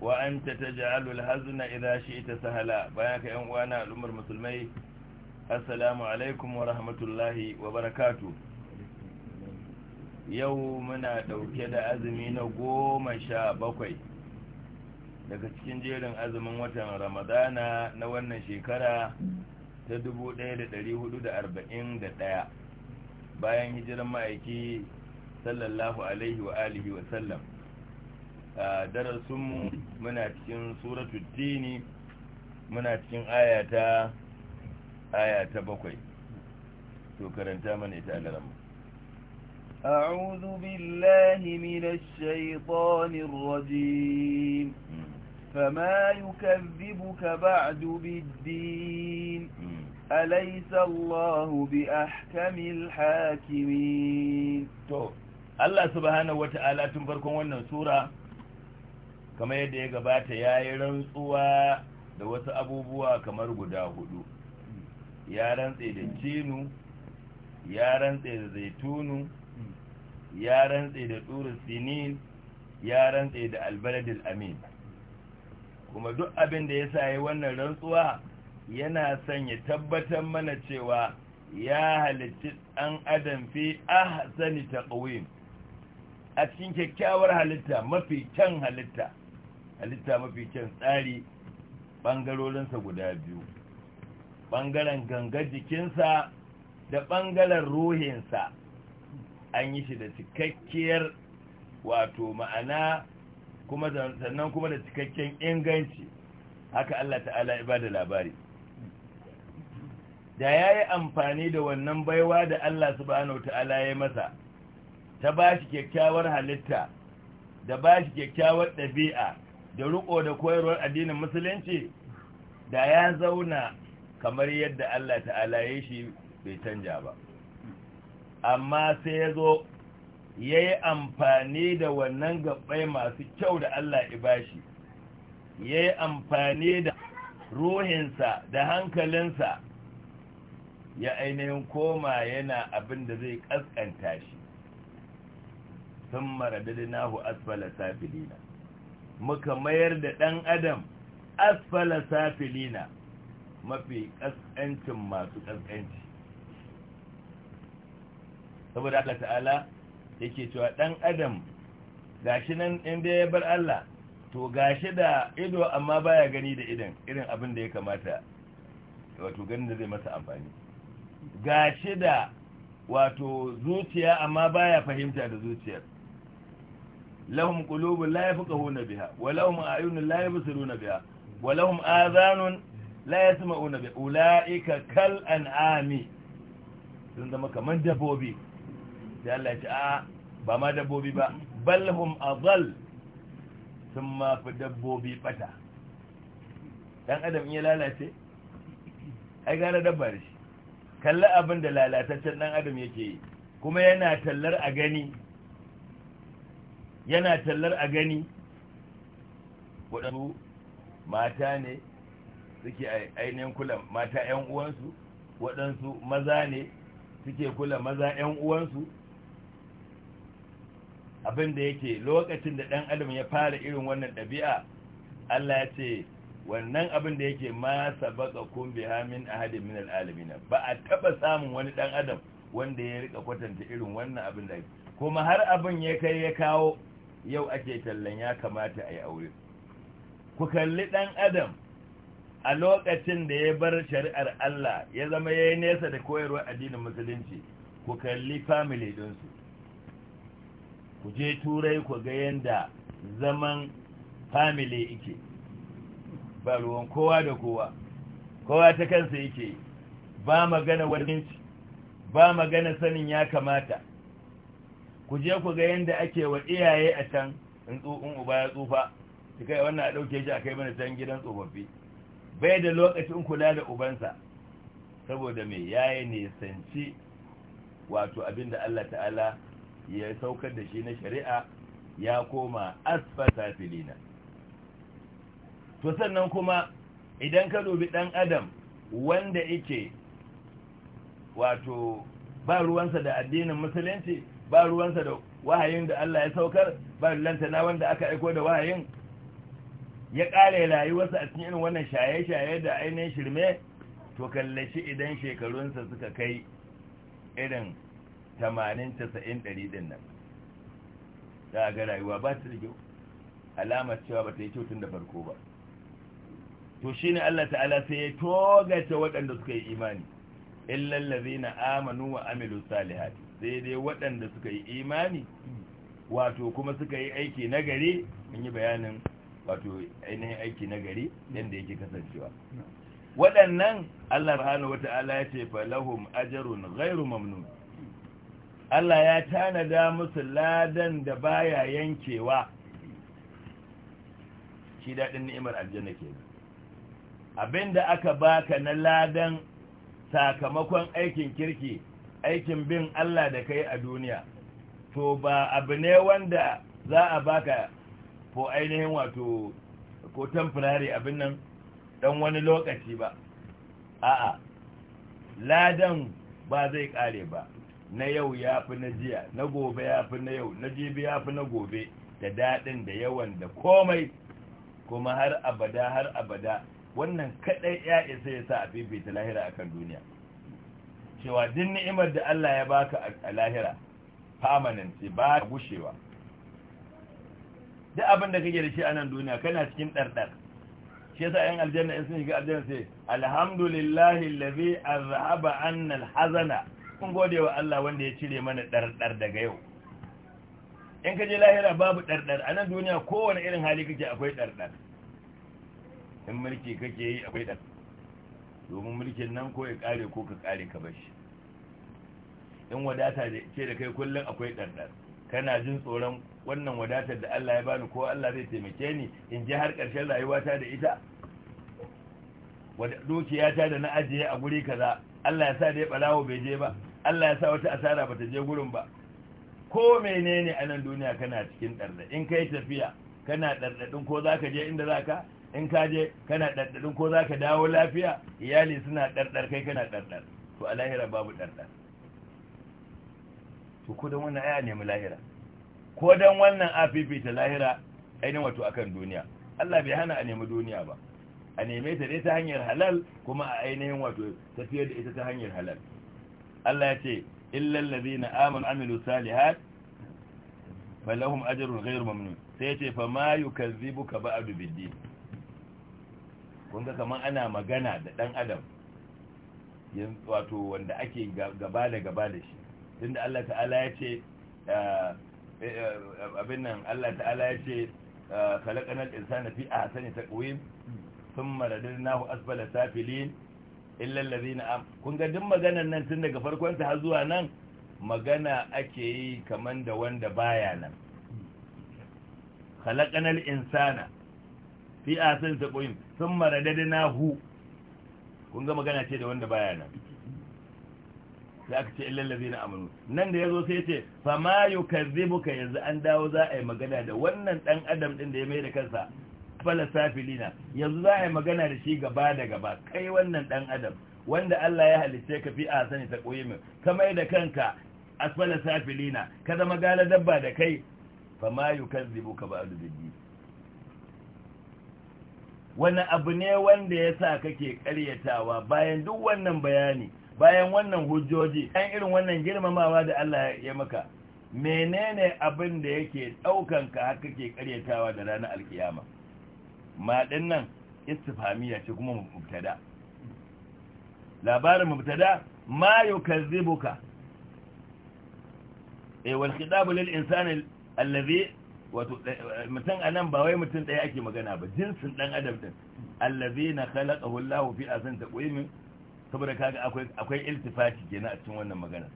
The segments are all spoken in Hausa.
wa ta taj'alu al idan idha shi'ta sahala bayan ka yan uwana al'ummar musulmai assalamu alaikum wa rahmatullahi wa barakatuh yau muna dauke da azumi na goma sha bakwai daga cikin jerin azumin watan ramadana na wannan shekara ta 1441 bayan hijiran ma'aiki sallallahu alaihi wa alihi wa sallam darasinmu muna cikin suratu dini muna cikin ayata ayata bakwai to karanta mana ita alarama أعوذ بالله من الشيطان الرجيم فما يكذبك بعد بالدين أليس الله بأحكم الحاكمين تو الله سبحانه وتعالى تنفركم وانا سورة kamar yadda ya gabata ya yi rantsuwa da wasu abubuwa kamar guda hudu ya rantse da cinu ya rantse da zaitunu ya rantse da tsurin sinin ya rantse da albaladil amin kuma duk abin da ya sayi wannan rantsuwa yana son ya tabbatar mana cewa ya halitti ɗan adam fi ahsani taqwim a cikin kyakkyawar halitta mafi kyan halitta halitta mafi kyan tsari ɓangarorinsa guda biyu ɓangaren ganga jikinsa da ɓangaren ruhinsa an yi shi da cikakkiyar wato ma'ana kuma sannan kuma da cikakken inganci haka Allah ta'ala bada labari da ya yi amfani da wannan baiwa da Allah subhanahu ta'ala ya masa ta bashi kyakkyawar halitta da bashi kyakkyawar ɗabi'a da riko da koyarwar addinin musulunci da ya zauna kamar yadda Allah ta'ala ya shi bai canja ba amma sai ya zo ya yi amfani da wannan gabbai masu kyau da Allah ibashi ya yi amfani da ruhinsa da hankalinsa ya ainihin koma yana abin da zai kaskanta shi sun maradadinahu asfala safilina muka mayar da ɗan adam asfala safilina mafi ƙasƙancin masu ƙasƙanci saboda Allah ta'ala yake cewa ɗan adam gashi nan inda ya bar Allah to gashi da ido amma baya gani da idan irin abin da ya kamata wato ganin da zai masa amfani gashi da wato zuciya amma baya fahimta da zuciyar lahum qulubun la yafqahuna biha wa lahum ayunun la yabsiruna biha wa lahum adhanun la yasma'una biha ulaika kal an'ami sun zama kaman dabbobi sai Allah ya ce a ba ma dabbobi ba bal hum adall sun ma fi dabbobi bata dan adam in ya lalace ai gara dabba da shi kalli abin da lalataccen dan adam yake yi kuma yana tallar a gani yana tallar a gani waɗansu mata ne suke ainihin kula mata 'yan uwansu waɗansu maza ne suke kula maza 'yan uwansu abin da yake lokacin da ɗan adam ya fara irin wannan ɗabi'a Allah ya ce wannan abin da yake ma sabaka kun bi hamin hadin min al'alamina ba a taba samun wani ɗan adam wanda ya rika kwatanta irin wannan abin da kuma har abin ya kai ya kawo yau ake tallan ya kamata a yi aure ku kalli ɗan adam a lokacin da ya bar shari'ar Allah ya zama ya yi nesa da koyarwar addinin musulunci ku kalli family ɗinsu ku je turai ku ga yadda zaman family ike ba ruwan kowa da kowa kowa ta kansa yake ba magana wani ba magana sanin ya kamata ku je ku ga yadda ake wa iyaye a can in tsohon uba ya tsufa su kai wannan a ɗauke shi a kai mana can gidan tsofaffi bai da lokacin kula da ubansa saboda mai yaye ne sanci wato abin da Allah ta'ala ya saukar da shi na shari'a ya koma asfata filina to sannan kuma idan ka dubi ɗan adam wanda yake wato ba ruwansa da addinin musulunci ba ruwansa da wahayin da Allah ya saukar ba lantana wanda aka aiko da wahayin ya kare rayuwarsa a cikin irin wannan shaye-shaye da ainihin shirme to kallashi idan shekarunsa suka kai irin 80-90 din nan da ga rayuwa ba ta da kyau alamar cewa ba ta yi kyautun da farko ba to shi ne Allah ta'ala sai ya togace waɗanda suka yi imani illallazi na amanu wa amilu salihati sai dai waɗanda suka yi imani wato kuma suka yi aiki nagari mun yi bayanin wato ainihin aiki nagari yadda yake kasancewa waɗannan Allah rahanu wata'ala ya ce falahum ajarun ghairu mamnun Allah ya tanada musu ladan da baya yankewa shi daɗin ni'imar aljanna ke abinda aka baka na ladan sakamakon aikin kirki aikin bin Allah da kai a duniya to ba abu ne wanda za a baka ko ainihin wato ko temporary abin nan dan wani lokaci ba a'a ladan ba zai kare ba na yau ya fi na jiya na gobe ya fi na yau na jibi ya fi na gobe da daɗin da yawan da komai kuma har abada har abada wannan kaɗai ya isa ya sa a fifita lahira a kan duniya cewa duk ni'imar da Allah ya baka a lahira permanent ba ta gushewa duk abin da kake da shi a nan duniya kana cikin ɗarɗar shi yasa yan aljanna in sun shiga aljanna sai alhamdulillahi allazi azhaba anna alhazana kun gode wa Allah wanda ya cire mana ɗarɗar daga yau in ka je lahira babu ɗarɗar a nan duniya kowane irin hali kake akwai ɗarɗar in mulki kake yi akwai ɗarɗar domin mulkin nan ko ya kare ko ka kare ka bashi in wadata ce da kai kullum akwai ɗanɗan kana jin tsoron wannan wadatar da Allah ya bani ko Allah zai taimake ni in ji har ƙarshen rayuwata da ita dukiyata da na ajiye a guri kaza Allah ya sa dai bai je ba Allah ya sa wata asara ba ta je gurin ba ko menene a nan duniya kana cikin ɗarɗa in kai tafiya kana ɗarɗaɗin ko za ka je inda za ka in ka je kana ɗarɗaɗin ko za ka dawo lafiya iyali suna ɗarɗar kai kana ɗarɗar to a lahira babu ɗarɗar to ko don wannan aya nemi lahira ko dan wannan app ta lahira ainihin wato akan duniya Allah bai hana a nemi duniya ba a neme ta dai ta hanyar halal kuma a ainihin wato tafiyar da ita ta hanyar halal Allah ya ce illal ladina amanu amilu salihat falahum ajrun ghayr mamnun sai ya ce fa ma yukazzibuka ba'du biddin kun ga kaman ana magana da dan adam wato wanda ake gaba da gaba da shi tunda Allah ta'ala ya ce ah, abin nan Allah ta'ala ya ce khalaqanal insana fi ahsani taqwim thumma radadnahu asfala safilin illa na am kun ga duk maganar nan tun daga farkon ta har zuwa nan magana ake yi kaman da wanda baya nan khalaqanal insana fi ahsani taqwim thumma radadnahu kun ga magana ce da wanda baya nan da aka ce illal ladina amanu nan da yazo sai ce fa ma yukazzibuka yanzu an dawo za a yi magana da wannan dan adam din da ya mai da kansa falsafilina yanzu za a yi magana da shi gaba da gaba kai wannan dan adam wanda Allah ya halitta ka fi a sani ta koyi min ka mai da kanka asfala safilina ka zama gala dabba da kai fa ma yukazzibuka da biddi wani abu ne wanda ya sa kake karyatawa bayan duk wannan bayani bayan wannan hujjoji an irin wannan girmamawa da Allah ya maka menene abin da yake daukan ka haka ke karyatawa da ranar alkiyama ma din nan istifhamiya ce kuma mubtada labarin mubtada ma yukazzibuka eh wal khitab lil insani allazi wato eh, mutum anan ba wai mutum daya ake magana ba jinsin dan adam din allazi na khalaqahu Allah fi azan taqwimin saboda kaga akwai akwai iltifati kenan a cikin wannan magana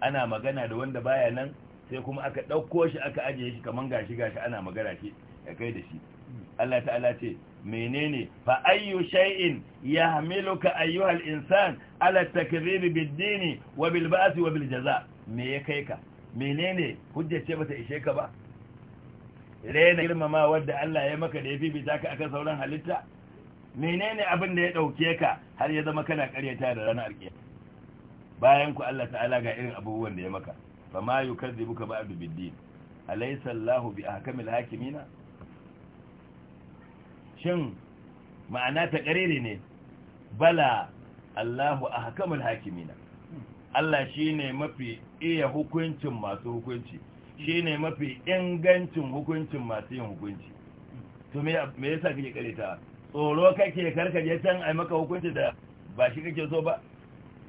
ana magana da wanda baya nan sai kuma aka ɗauko shi aka ajiye shi kaman gashi gashi ana magana shi ya kai da shi Allah ta'ala ce menene fa ayyu shay'in yahmiluka ayyuhal insan ala takrir bid-din wa bil ba's wa bil jaza me ya kai ka menene hujja ce bata ishe ka ba rena girmama wanda Allah ya maka da ya bi ka akan sauran halitta menene abin da ya ɗauke ka har ya zama kana karyata da ranar alƙiyar bayan ku Allah ta'ala ga irin abubuwan da ya maka fa ma yukazzibuka ba'du bid-din alaysa Allahu bi ahkamil hakimina shin ma'ana ta karere ne bala Allahu ahkamul hakimina Allah shine mafi iya hukuncin masu hukunci shine mafi ingancin hukuncin masu yin hukunci to me yasa kike kareta tsoro kake je can ai maka hukunci da ba shi kake so ba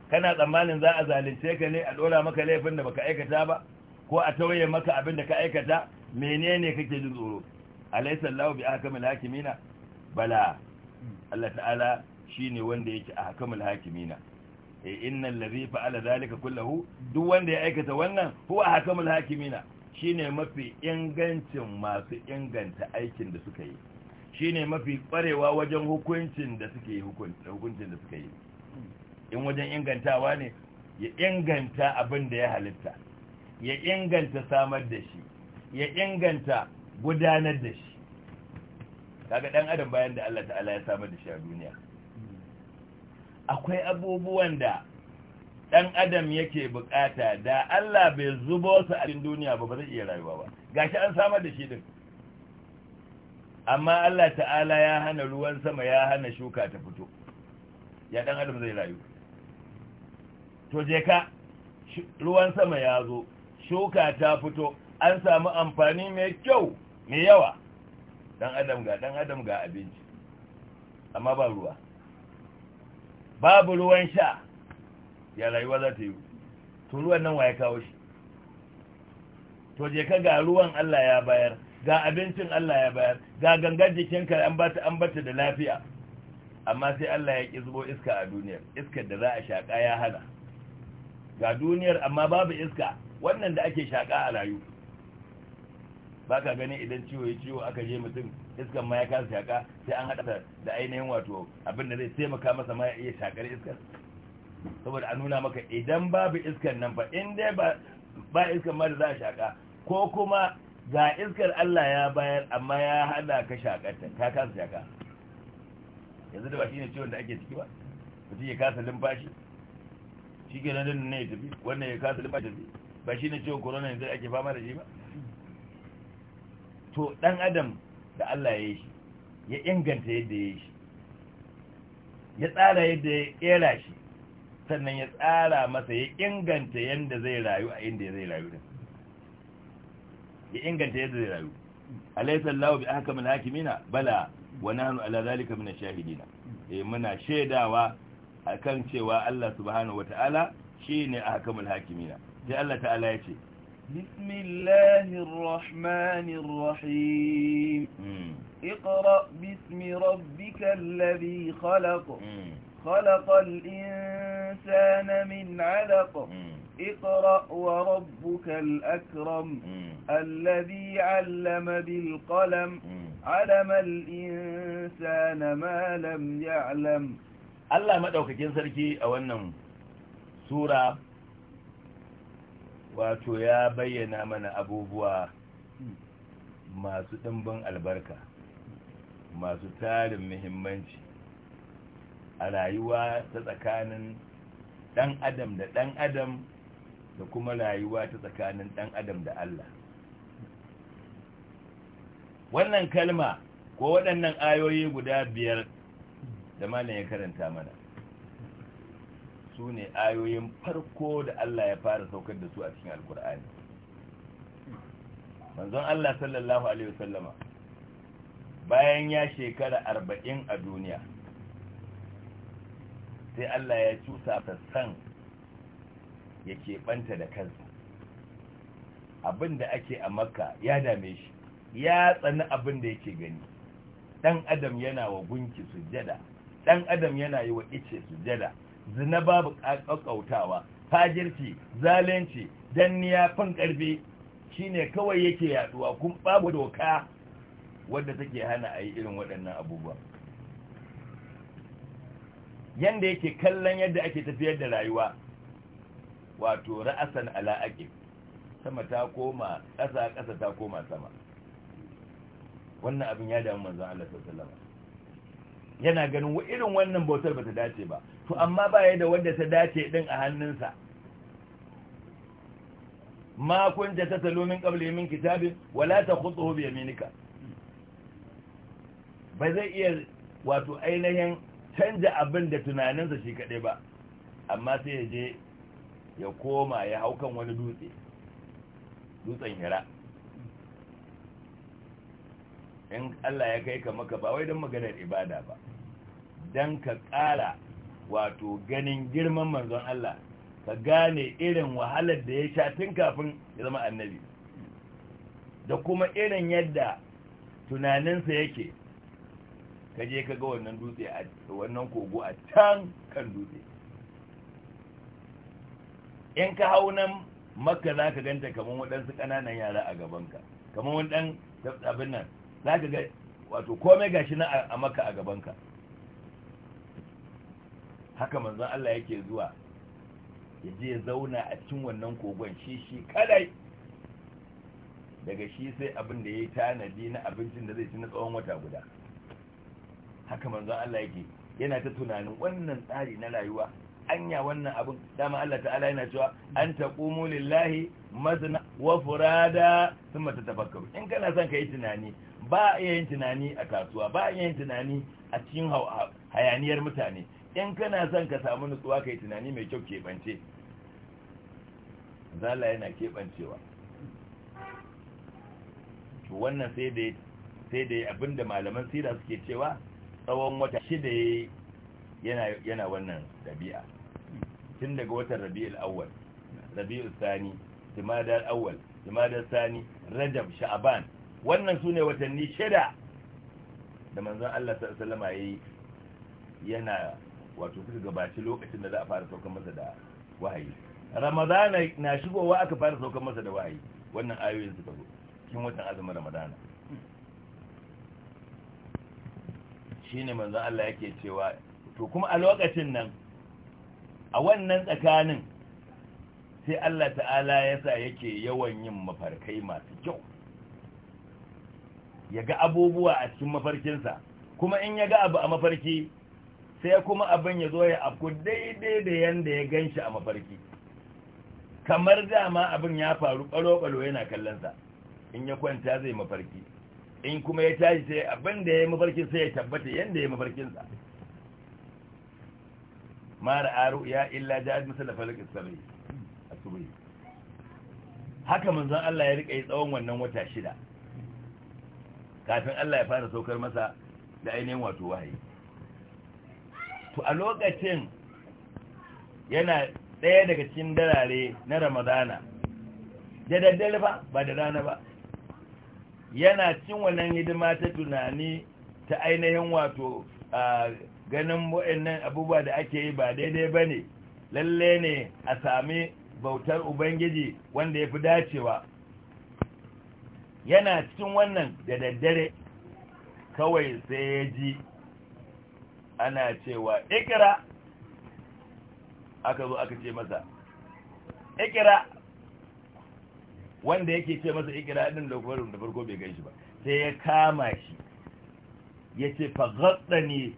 kana tsammanin za a zalunce ka ne a dora maka laifin da baka aikata ba ko a tauye maka abin da ka aikata menene kake jin tsoro alaysa Allahu bi ahkamil hakimina bala Allah ta'ala shine wanda yake ahkamil hakimina e innal ladhi fa'ala dhalika kullahu duk wanda ya aikata wannan huwa ahkamil hakimina shine mafi ingancin masu inganta aikin da suka yi shine mafi kwarewa wajen hukuncin da suke yi hukuncin da suka yi in wajen ingantawa ne ya inganta abin da ya halitta ya inganta samar da shi ya inganta gudanar da shi kaga dan adam bayan da Allah ta'ala ya samar da shi a duniya akwai abubuwan da dan adam yake bukata da Allah bai zubo su a duniya ba ba zai iya rayuwa ba gashi an samar da shi din amma Allah ta'ala ya hana ruwan sama ya hana shuka ta fito ya dan adam zai rayu to je ka ruwan sama ya zo shuka ta fito an samu amfani mai kyau mai yawa dan adam ga dan adam ga abinci amma ba ruwa babu ruwan sha ya rayuwa za ta yi to ruwan nan wa ya kawo shi to je ka ga ruwan Allah ya bayar ga abincin Allah ya bayar ga gangar jikinka an bata an bata da lafiya amma sai Allah ya ki zubo iska a duniyar iskar da za a shaka ya hana ga duniyar amma babu iska wannan da ake shaka a rayu Ba ka gani idan ciwo ya ciwo aka je mutum iskan ma ya kasa shaka sai an hada da ainihin wato abin da zai taimaka masa ma ya iya shakar iskar saboda a nuna maka idan babu iskan nan fa in dai ba iskan ma da za a shaka ko kuma ga iskar Allah ya bayar amma ya hada ka shakata ka kasa shaka yanzu da ba shine ciwon da ake ciki ba mutum ya kasa limfashi shi ke nan ne ya tafi wannan ya kasa limfashi tafi ba shine ciwon corona yanzu ake fama da shi ba to dan adam da Allah ya yi shi ya inganta yadda ya yi shi ya tsara yadda ya kera shi sannan ya tsara masa ya inganta yadda zai rayu a inda zai rayu din ya inganta yadda zai rayu alaysa Allahu bi ahkamil hakimina bala wa nahnu ala zalika min shahidina e eh, muna shaidawa a kan cewa Allah subhanahu ne a ahkamul hakimina sai Allah ta'ala ya ce بسم الله الرحمن الرحيم اقرأ باسم خلق الإنسان من علق اقرأ وربك الأكرم الذي علم بالقلم علم الإنسان ما لم يعلم Allah maɗaukakin sarki a wannan Sura wato ya bayyana mana abubuwa masu ɗimbin albarka masu tarin muhimmanci a rayuwa ta tsakanin ɗan adam da ɗan adam da kuma rayuwa ta tsakanin ɗan adam da Allah wannan kalma ko waɗannan ayoyi guda biyar da mana ya karanta mana su ne ayoyin farko da Allah ya fara saukar da su a cikin alkur'ani manzon Allah sallallahu alaihi wasallama bayan ya shekara arba'in a duniya sai Allah ya cusa ta san ya keɓanta da kansa abin da ake a makka ya dame shi ya tsani abin da yake gani ɗan adam yana wa gunki sujada. ɗan adam yana yi wa ice sujada. zina babu ƙaƙautawa fajirci zalunci danniya fin ƙarfi shine kawai yake yaduwa kun babu doka wadda take hana ayi irin waɗannan abubuwa yanda yake kallon yadda ake tafiyar da rayuwa wato ra'asan ala sama ta koma ƙasa ƙasa ta koma sama wannan abin ya damu manzon Allah sallallahu alaihi wasallam yana ganin irin wannan bautar bata dace ba to amma ba da wanda ta dace din a hannunsa ma kunta tatalo min qabli min kitabi wala takhutuhu bi yaminika ba zai iya wato ainihin canja abin da tunaninsa shi kaɗai ba amma sai ya je ya koma ya hau kan wani dutse dutsen hira in Allah ya kai ka maka ba wai don maganar ibada ba don ka ƙara wato ganin girman manzon Allah ka gane irin wahalar da ya sha tun kafin ya zama annabi da kuma irin yadda tunaninsa yake ka je ka ga wannan dutse a wannan kogo a can kan dutse in ka hau nan makka za ka ganta kamar waɗansu ƙananan yara a gabanka kamar waɗan abin nan za ka ga wato komai shi na a makka a gabanka haka manzon Allah yake zuwa ya je zauna a cikin wannan kogon shi shi kadai daga shi sai abin da ya yi tanadi na abincin da zai ci na tsawon wata guda haka manzon Allah yake yana ta tunanin wannan tsari na rayuwa anya wannan abin dama Allah ta'ala yana cewa an taqumu lillahi masna wa furada thumma tatafakkaru in kana son kai tunani ba a yin tunani a kasuwa ba a yin tunani a cikin hayaniyar mutane in kana son ka samu nutsuwa kai tunani mai kyau keɓance zala yana keɓancewa wannan sai da sai da abinda malaman sira suke cewa tsawon wata shida yana yana wannan dabi'a tun daga watan rabi'ul awwal rabi'ul thani jumadal awwal jumadal thani rajab sha'ban wannan sune watanni shida da manzon Allah sallallahu alaihi wasallam yana wato kuka gabaci lokacin da za a fara saukar masa da wahayi ramadana na shigowa aka fara saukar masa da wahayi wannan ayoyin suka zo cikin watan azumin ramadana shine manzon Allah yake cewa to kuma a lokacin nan a wannan tsakanin sai Allah ta'ala yasa yake yawan yin mafarkai masu kyau ya ga abubuwa a cikin mafarkinsa kuma in ya ga abu a mafarki sai kuma abin ya zo ya afku daidai da yanda ya ganshi a mafarki kamar dama abin ya faru ɓalo-ɓalo yana kallon sa, in ya kwanta zai mafarki in kuma ya tashi sai abin da ya yi mafarkin sai ya tabbata yadda ya yi mafarkinsa mara aro ya illa jihar misali falik isabai a subai haka manzan Allah ya rika yi tsawon wannan wata shida kafin Allah ya fara saukar masa da ainihin wato wahayi to a lokacin yana ɗaya daga cikin darare na ramadana da daddare ba ba da rana ba yana cin wannan hidima ta tunani ta ainihin wato a ganin wa'annan abubuwa da ake yi ba daidai ba ne lalle ne a sami bautar ubangiji wanda ya fi dacewa yana cikin wannan da daddare kawai sai ya ji ana cewa ikira aka zo aka ce masa ikira wanda yake ce masa ikira din da da farko bai gan shi ba sai ya kama shi ya ce fagasta ne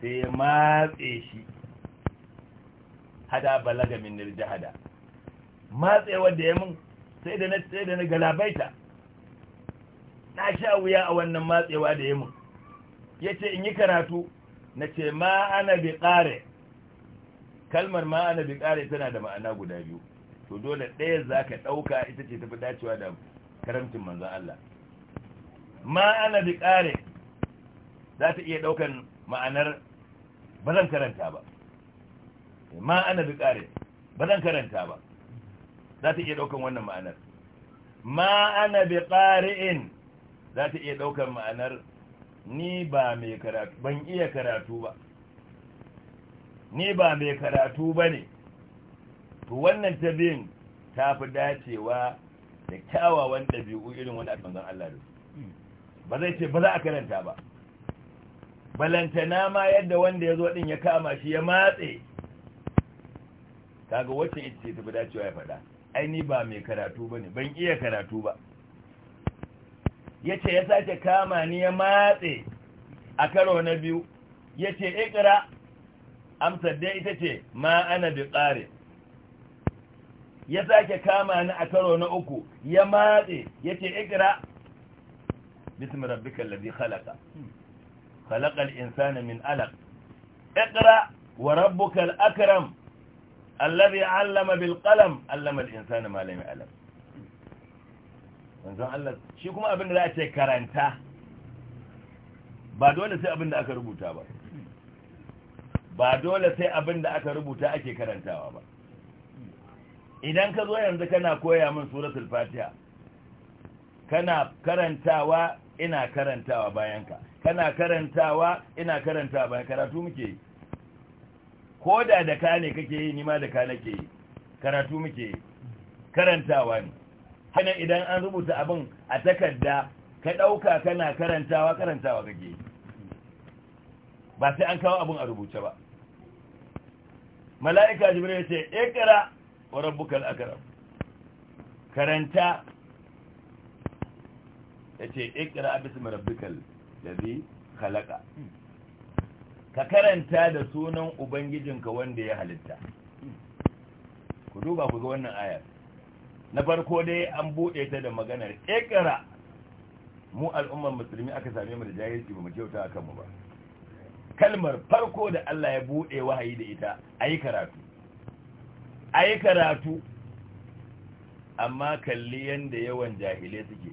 sai ya matse shi hada balaga min hada, matse wanda ya mun sai da na sai da na galabaita na sha wuya a wannan matsewa da ya mun yace in yi karatu na ce ma'ana bi kare kalmar ma'ana bi kare tana da ma'ana guda biyu to dole ɗaya za ka ɗauka ita ce tafi dacewa da karamcin manzan Allah ma ana bi ƙare za ta iya ɗaukan ma'anar ba zan karanta ba ma ana bi ƙare ba zan karanta ba za ta iya ɗaukan wannan ma'anar ma ana bi za ta iya ɗaukan ma'anar ni ba mai karatu ban iya karatu ba ni ba mai karatu ba ne to wannan ta biyun ta fi dacewa da kyawawan ɗabi'u irin wani aka Allah da ba zai ce ba za a karanta ba balantana ma yadda wanda ya zo ɗin ya kama shi ya matse ga wacce ita ce ta fi dacewa ya faɗa aini ba mai karatu ba ne ban iya karatu ba ya ce ya sake kama ni ya matse a karo na biyu ya ce ikira amsar dai ita ce ma ana bi tsarin ya sake kama ni a karo na uku ya matse ya ce ikira bismi rabbika alladhi khalaqa khalaqa al-insana min alaƙ. ikira wa rabbuka al-akram alladhi 'allama bil qalam 'allama al-insana ma lam ya'lam manzon Allah shi kuma abin da za a ce karanta ba dole sai abin da aka rubuta ba ba dole sai abin da aka rubuta ake karantawa ba idan ka zo yanzu kana koya min suratul fatiha kana karantawa ina karantawa bayanka kana karantawa ina karantawa bayan karatu muke yi ko da da ka ne kake yi nima da ka nake yi karatu muke yi karantawa ne hana idan an rubuta abin a takarda ka ɗauka kana karantawa karantawa kake yi ba sai an kawo abin a rubuce ba mala'ika jibril ya ce ikra wa rabbukal akram karanta yace ikra bismi rabbikal ladhi khalaqa ka karanta da sunan ubangijinka wanda ya halitta ku duba ku ga wannan ayar na farko dai an buɗe ta da maganar ikra mu al'ummar musulmi aka same mu da jahilci ba mu kyauta kanmu ba kalmar farko da Allah ya buɗe wahayi da ita ayi karatu a yi karatu amma kalli yadda yawan jahilai suke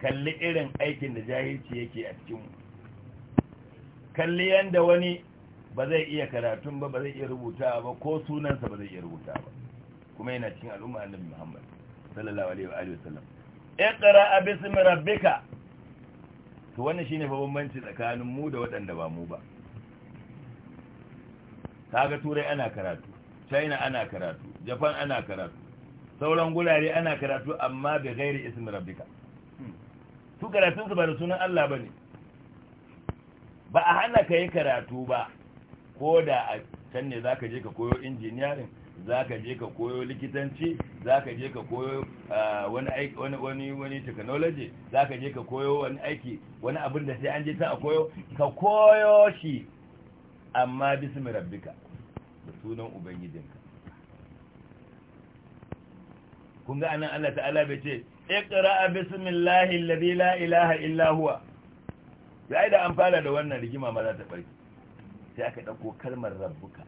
kalli irin aikin da jahilci yake a cikinmu kalli yadda wani ba zai iya karatun ba ba zai iya rubuta ba ko sunansa ba zai iya rubuta ba kuma yana cikin al'umma annabi Muhammad sallallahu alaihi wa alihi wasallam iqra bismi rabbika to wannan shine fa bambanci tsakanin mu da waɗanda ba mu ba kaga turai ana karatu china ana karatu japan ana karatu sauran gurare ana karatu amma bi ghairi ismi rabbika su karatunsu su ba da sunan Allah ba ne ba a hana ka yi karatu ba ko da a can ne zaka je ka koyo engineering zaka je ka koyo likitanci zaka je ka koyo ah, wani aiki wani wani je ka koyo wani aiki wani abin da sai an je ta a koyo ka koyo shi amma bismi rabbika da sunan ubangijinka kun ga anan Allah ta'ala bai ce iqra bismillahi alladhi la ilaha illa huwa sai da an fara da wannan rigima ma za ta barki sai aka dauko kalmar rabbuka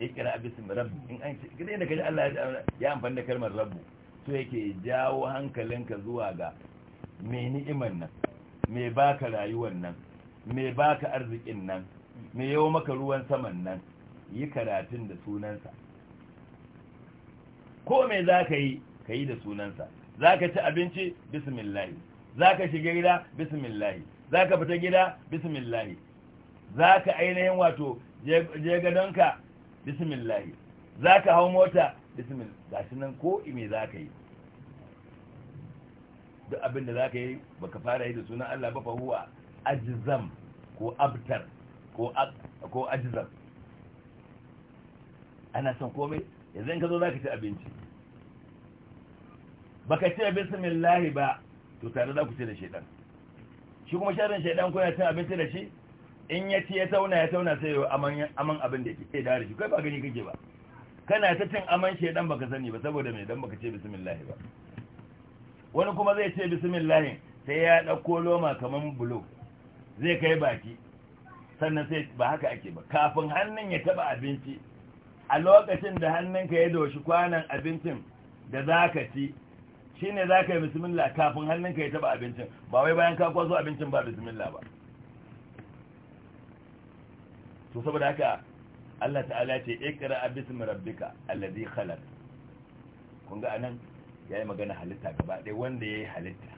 iqra bismi rabbi in an ce kidai da kaji Allah ya amfani da kalmar rabbu so yake jawo hankalinka zuwa ga me ni'imar nan me baka rayuwar nan me baka arzikin nan me yawo maka ruwan saman nan yi karatun da sunansa ko me za ka yi ka yi da sunansa za ka ci abinci bismillahi za ka shiga gida bismillahi za ka fita gida bismillahi za ka ainihin wato je gadonka bismillahi za ka hau mota bismillahi ga shi nan ko ime za ka yi duk abin za ka yi baka fara yi da sunan Allah ba fa huwa ajzam ko abtar ko ajzam ana son komai yanzu in ka zo za ka ci abinci ba ka ci lahi ba to tare za ku ci da shaidan shi kuma sharin shaidan ya cin abinci da shi in ya ci ya tauna ya tauna sai yau aman abin da ke da shi kai ba gani kake ba kana ta cin aman shaidan baka sani ba saboda mai dan baka ce bismillahi ba wani kuma zai ce bismillahi sai ya dauko loma kaman bulo zai kai baki sannan sai ba haka ake ba kafin hannun ya taba abinci a lokacin da hannunka ya doshi kwanan abincin da za ka ci shi ne za ka yi bismillah kafin hannunka ya taba abincin ba wai bayan ka kwaso abincin ba bismillah ba to saboda haka Allah ta'ala ya ce ikra bismi rabbika alladhi khalaq kun ga anan yayi magana halitta gaba ɗaya wanda yayi halitta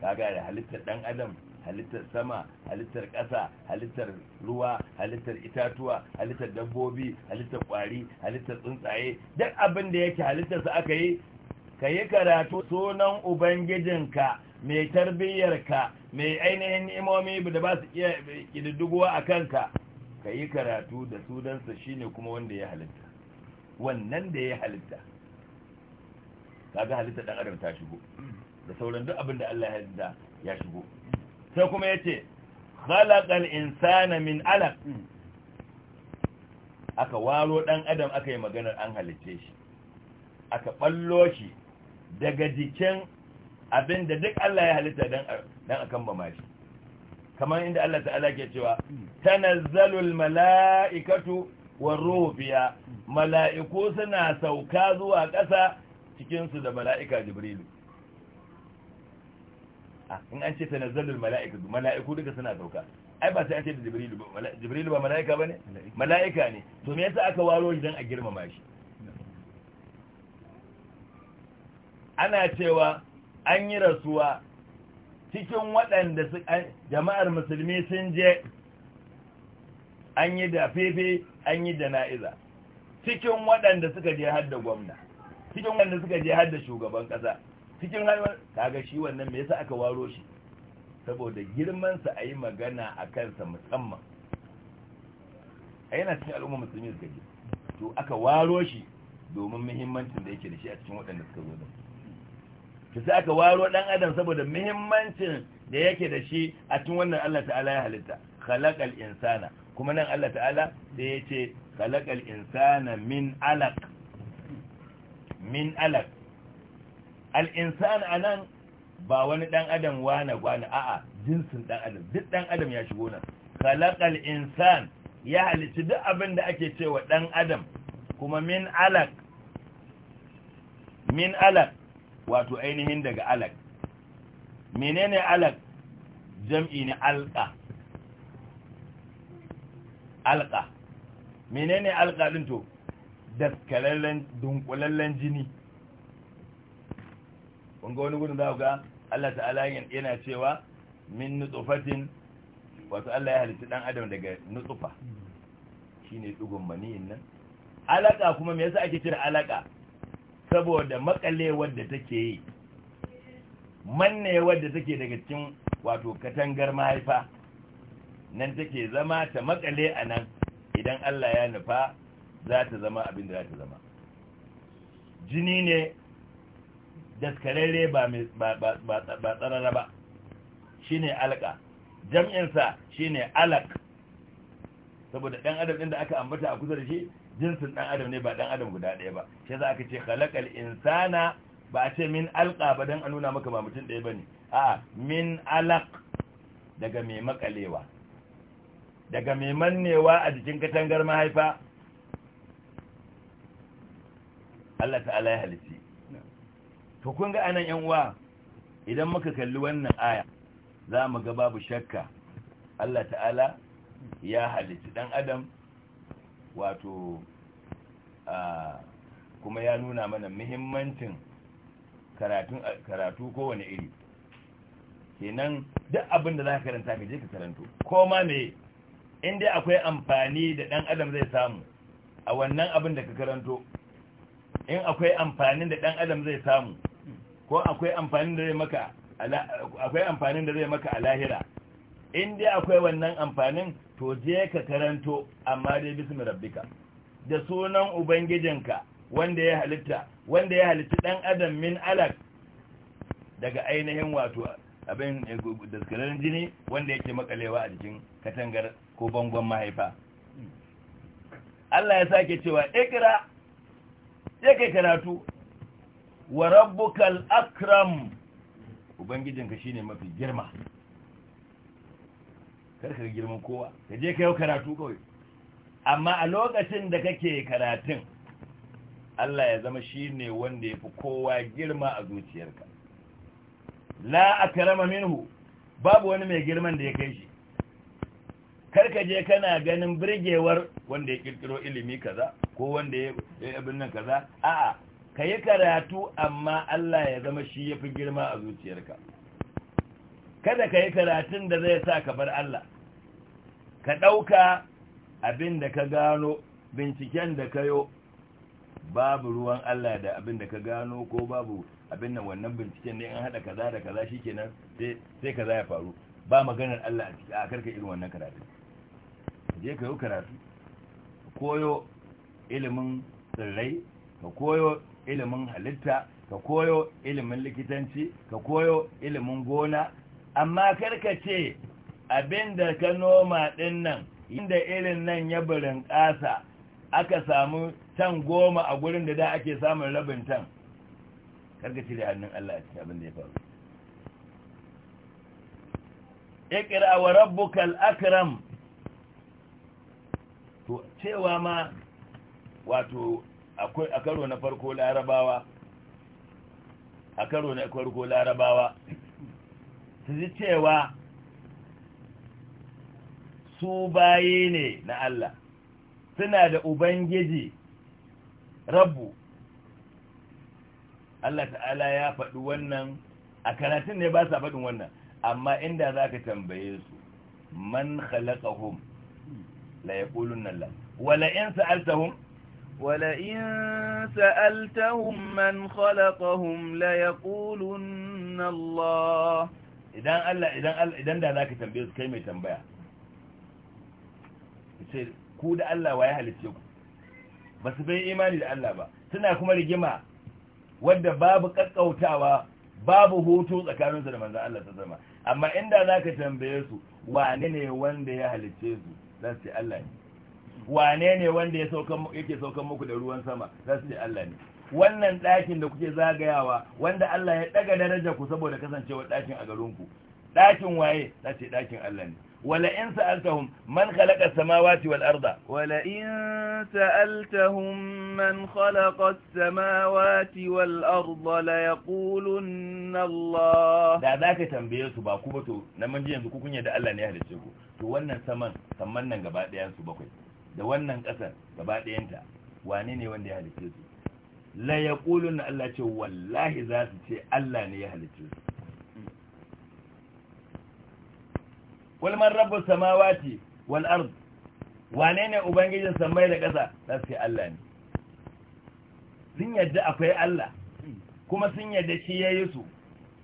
kaga da halittar dan adam halittar sama halittar ƙasa halittar ruwa halittar itatuwa halittar dabbobi halittar ƙwari halittar tsuntsaye duk abin da yake halittarsa aka yi ka yi karatu sunan ubangijinka mai tarbiyyarka mai ainihin imomi da ba su iya ƙididduguwa a kanka ka yi karatu da sunansa shine kuma wanda ya halitta wannan da ya halitta kaga halitta ɗan adam ta shigo da sauran duk abin da Allah ya halitta ya shigo sai kuma ya ce khalaqal insana min alaƙ. aka waro dan adam aka yi maganar an halicce shi aka ballo shi daga jikin abin da duk Allah ya halitta dan a kan ba kamar inda Allah ta'ala ke cewa tanazzalul mala'ikatu warruhu biya. mala'iku suna sauka zuwa ƙasa cikinsu da mala'ika jibrilu in an ce tanazzalul mala'ikatu mala'iku duka suna sauka ai ba sai an ce da jibrilu ba jibrilu ba mala'ika bane mala'ika ne to me yasa aka waro shi dan a girmama shi ana cewa an yi rasuwa cikin waɗanda jama'ar musulmi sun je an yi da fefe an yi da na'iza cikin waɗanda suka je hadda gwamna cikin waɗanda suka je hadda shugaban ƙasa cikin rayuwar kaga shi wannan me yasa aka waro shi saboda girmansa sa ayi magana a kansa musamman ayana cikin al'umma musulmi suka ji to aka waro shi domin muhimmancin da yake da shi a cikin waɗanda suka zo da shi sai aka waro ɗan adam saboda muhimmancin da yake da shi a cikin wannan Allah ta'ala ya halitta khalaqal insana kuma nan Allah ta'ala da yace khalaqal insana min alaq min alaq al'insan a nan ba wani ɗan adam wane a a'a jinsin ɗan adam duk ɗan adam ya shigo nan khalaqal insan ya halici duk abin da ake cewa ɗan adam kuma min alaq min alaq wato ainihin daga alaq menene alaq jam'i ne alqa alqa menene alqa din to daskararren dunkulallen jini Kunga wani gudun za ga Allah ta'ala yana cewa min nutsufatin wato Allah ya halitta dan adam daga nutsufa shine dugun maniyin nan alaka kuma me yasa ake cire alaka saboda makale da take yi manne da take daga cikin wato katangar mahaifa nan take zama ta makale a nan idan Allah ya nufa za ta zama abin da za ta zama jini ne daskararre ba tsarara ba shi ne alaƙa jam'insa shi ne alak saboda ɗan adam ɗin da aka ambata a kusa da shi jinsin ɗan adam ne ba ɗan adam guda ɗaya ba shi za aka ce halakal insana ba a ce min alƙa ba don a nuna maka ba mutum ɗaya ba ne a min alaƙ daga mai makalewa daga mai mannewa a jikin katangar mahaifa Allah ta'ala ya halitti to kun ga anan yan uwa idan muka kalli wannan aya za mu ga babu shakka Allah ta'ala ya halitta dan adam wato kuma ya nuna mana muhimmancin karatu kowane iri kenan duk abin da za ka karanta ka je ka karanto Ko ma me inda akwai amfani da dan adam zai samu a wannan abin da ka karanto in akwai amfanin da dan adam zai samu ko akwai amfanin da zai maka a lahira in dai akwai wannan amfanin to je ka karanto amma dai bismi rabbika da sunan ubangijinka wanda ya halitta wanda ya halitta dan adam min alaq daga ainihin wato abin eh, daskararren jini wanda yake makalewa a jikin katangar ko bangon mahaifa Allah ya sake cewa ikra ya kai karatu wa rabbukal akram ubangijinka shine mafi girma karka girman kowa ka je ka karatu kawai amma a lokacin da kake karatun Allah ya zama shine wanda yafi kowa girma a zuciyarka la akrama minhu babu wani mai girman da ya kai shi Kar ka je kana ganin birgewar wanda ya kirkiro ilimi kaza ko wanda ya abin nan kaza a'a ka yi karatu amma Allah ya zama shi ya fi girma a zuciyarka kada ka yi karatun da zai sa ka bar Allah ka ɗauka abin da ka gano binciken da ka kayo babu ruwan Allah da abin da ka gano ko babu abin nan wannan binciken ne in haɗa kaza da kaza shi kenan sai kaza ya faru ba maganar Allah a akarka irin wannan karatu je ka yi karatu koyo ilimin tsirrai ka koyo ilimin halitta ka koyo ilimin likitanci ka koyo ilimin gona amma karka ce abinda ka noma din nan inda irin nan ya burin kasa aka samu tan goma a gurin da da ake samun rabin tan karka cire hannun Allah ya ci abin da ya faru ikira wa rabbukal akram to cewa ma wato akwai a karo na farko larabawa a karo na farko larabawa su ji cewa su baye ne na Allah suna da ubangiji rabbu Allah ta'ala ya faɗi wannan a karatun ne ba sa faɗin wannan amma inda za ka tambaye su man khalaqahum la yaqulunna la, wala in sa'altahum ولئن سألتهم من خلقهم ليقولن الله idan Allah Allah idan da zaka tambaye kai mai tambaya ku da Allah waye halice ku ba su bai imani da Allah ba suna kuma rigima wadda babu kakkautawa babu hoto tsakaninsu da manzon Allah ta zama amma inda zaka tambaye su wane ne wanda ya halice su zan Allah wane ne wanda yake saukan muku da ruwan sama za su ce Allah ne wannan ɗakin da kuke zagayawa wanda Allah ya ɗaga daraja ku saboda kasancewa ɗakin a garin ku ɗakin waye za ce ɗakin Allah ne wala in sa'altahum man khalaqa samawati wal arda wala in sa'altahum man khalaqa samawati wal arda la yaqulunna Allah da zaka tambaye su ba ku ba to na mun yanzu ku kunya da Allah ne ya halice ku to wannan saman kamar nan gaba ɗayan su bakwai da wannan ƙasar gaba ɗayanta wane ne wanda ya halicce su la ya na Allah ce wallahi za su ce Allah ne ya halicce su kulman rabu samawati wal ard wane ne ubangijin samai da ƙasa za su ce Allah ne sun yadda akwai Allah kuma sun yadda shi ya yi su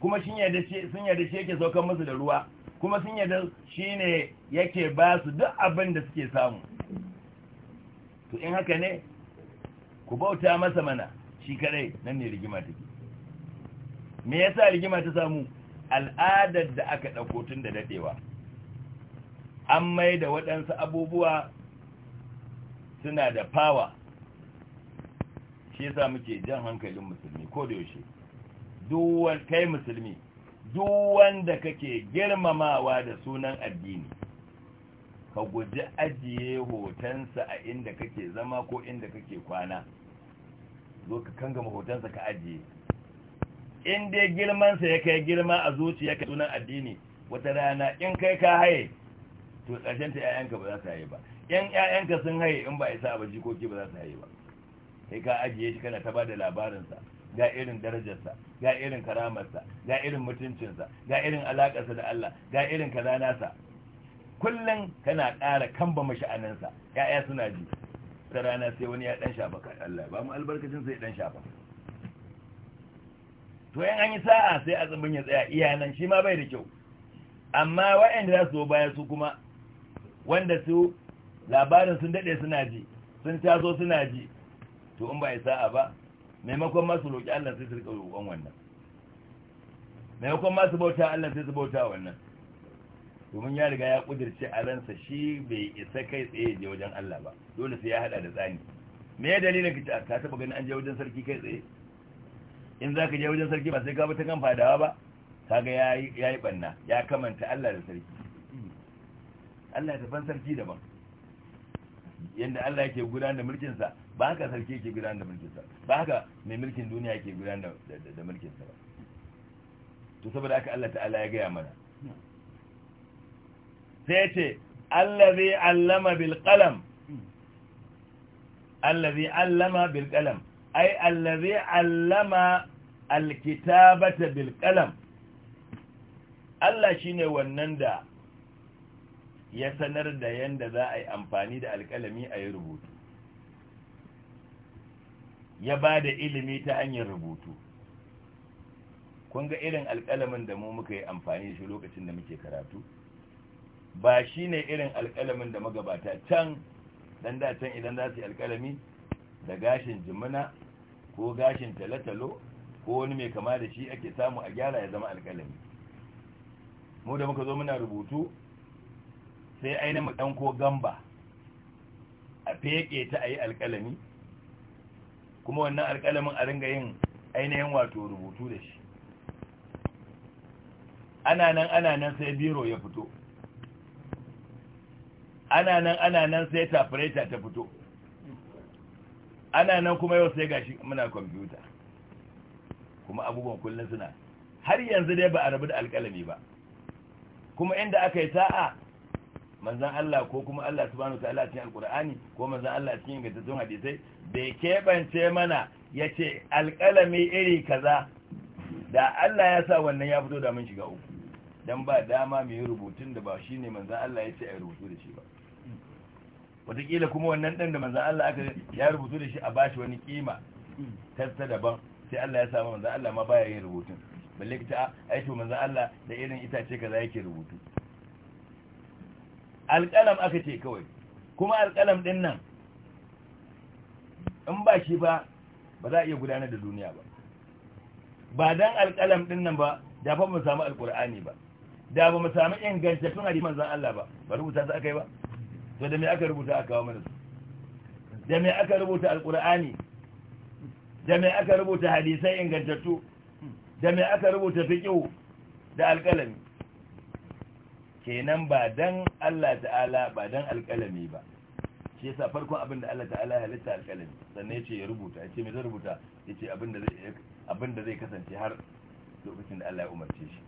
kuma sun yadda shi yake saukan musu da ruwa kuma sun yadda shi ne yake ba su duk abin da suke samu to in haka ne ku bauta masa mana shi kadai nan ne rigima take me yasa rigima ta samu al'adar da aka dauko tun da dadewa an mai da waɗansu abubuwa suna da fawa shi yasa muke jan hankalin musulmi ko da yaushe duwan kai musulmi duk wanda kake girmamawa da sunan addini ka guji ajiye hotonsa a inda kake zama ko inda kake kwana zo ka kangama hotonsa ka ajiye in dai girmansa ya kai girma a zuciya ka sunan addini wata rana in kai ka haye to ƙarshen ta ba za su haye ba in 'ya'yanka sun haye in ba isa ba jikoki ba za su haye ba sai ka ajiye shi kana ta ba da labarinsa ga irin darajarsa ga irin karamarsa ga irin mutuncinsa ga irin alaƙarsa da Allah ga irin kaza sa. kullum kana ƙara kamba masha'aninsa ya'ya suna ji ta rana sai wani ya ɗan shafa ka Allah ba mu albarkacin sai ɗan shafa to yan an yi sa'a sai a tsibin ya tsaya iya nan shi ma bai da kyau amma wa'anda za su zo baya su kuma wanda su labarin sun daɗe suna ji sun taso suna ji to in ba yi sa'a ba maimakon masu roƙi Allah sai su riƙa roƙon wannan maimakon masu bauta Allah sai su bauta wannan domin ya riga ya kudirce a ransa shi bai isa kai tsaye je wajen Allah ba dole sai ya hada da tsani me ya dalilin ka ta ah, taba ganin an je wajen sarki kai tsaye in zaka je wajen sarki ba sai ka bata kan fadawa ba kaga yayi yayi banna ya kamanta Allah da sarki Allah ya tafan sarki daban yanda Allah yake gudanar da mulkin sa ba haka sarki yake gudanar da mulkin sa ba haka mai mulkin duniya yake gudanar da mulkin sa ba to saboda haka Allah ta'ala ya ga ya mana sai ce allazi allama bil qalam allazi allama bil qalam ai allazi allama alkitabata bil qalam Allah shine wannan da ya sanar da yanda za a yi amfani da alkalami a yi rubutu ya ba da ilimi ta hanyar rubutu kun ga irin alkalamin da mu muka yi amfani da shi lokacin da muke karatu ba shi ne irin alƙalamin da magabata can dan da can idan za su yi alƙalami da gashin jimina ko gashin talatalo ko wani mai kama da shi ake samu a gyara ya zama alƙalami mu da muka zo muna rubutu sai aina mu ko gamba a feƙe ta a yi alƙalami kuma wannan alƙalamin a ringa yin ainihin wato rubutu da shi ana nan ana nan sai biro ya fito ana nan ana nan sai tafireta ta fito ana nan kuma yau sai gashi muna kwamfuta kuma abubuwan kullum suna har yanzu dai ba a rabu da alƙalami ba kuma inda aka yi sa'a manzan Allah ko kuma Allah subhanahu wa ta'ala cikin alkur'ani ko manzan Allah cikin ingantattun hadisai bai keɓance mana ya ce alƙalami iri kaza da Allah ya sa wannan ya fito da mun shiga uku don ba dama mai rubutun da ba shi ne manzan Allah ya ce a rubutu da shi ba wataƙila kuma wannan ɗan da manzan Allah aka ya rubutu da shi a bashi wani kima ta daban sai Allah ya samu manzan Allah ma baya yin rubutun balle ta ah, aito manzan Allah da irin itace kaza yake rubutu alƙalam aka ce kawai kuma alƙalam ɗin nan in ba shi ba ba za a iya gudanar da duniya ba ba dan alƙalam ɗin nan ba da fa mu samu alƙur'ani ba da ba mu samu ingantattun hadisan manzan Allah ba ba rubuta su akai ba to da me aka rubuta aka kawo mana su da me aka rubuta alkur'ani da me aka rubuta hadisai ingantattu da me aka rubuta fiqhu da alƙalami kenan ba dan Allah ta'ala ba dan alƙalami ba shi yasa farkon abin da Allah ta'ala ya halitta alƙalami sannan ya ce ya rubuta ya ce me zai rubuta ya ce abin da zai kasance har lokacin da Allah ya umarce shi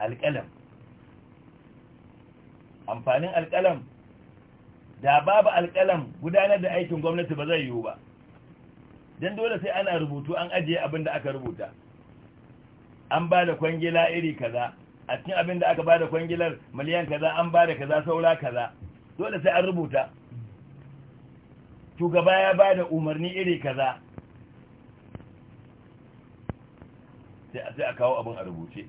alƙalam amfanin alƙalam da babu alƙalam gudanar da aikin gwamnati ba zai yiwu ba don dole sai ana rubutu an ajiye abin da aka rubuta an ba da kwangila iri kaza a cikin abin da aka ba da kwangilar miliyan kaza an ba da kaza saura kaza dole sai an rubuta shugaba ya ba da umarni iri kaza sai a kawo abin a rubuce